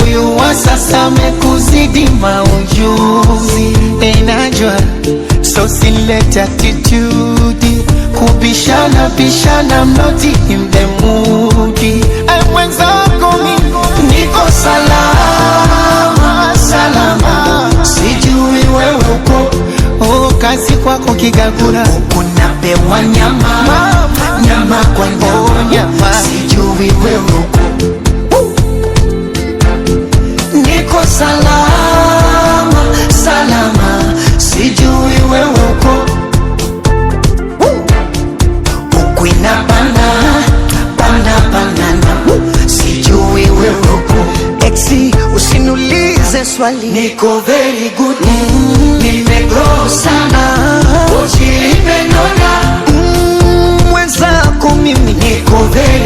huyu wa sasa amekuzidi maujuzi, enajwa so sileta titudi kubishana bishana, mnoti imdemuki e mwenzako, niko salama salama, sijui wewe uko oh, kazi kwako Kigagura pewa nyama nyama kwa nyama, sijui wewe uko salama salama, sijui wewe uko ukwina pana pana pana, sijui wewe uko exi, usinulize swali, niko very good mm, nimegrow sana ujipe nona mm, mwenzako mm, mimi niko very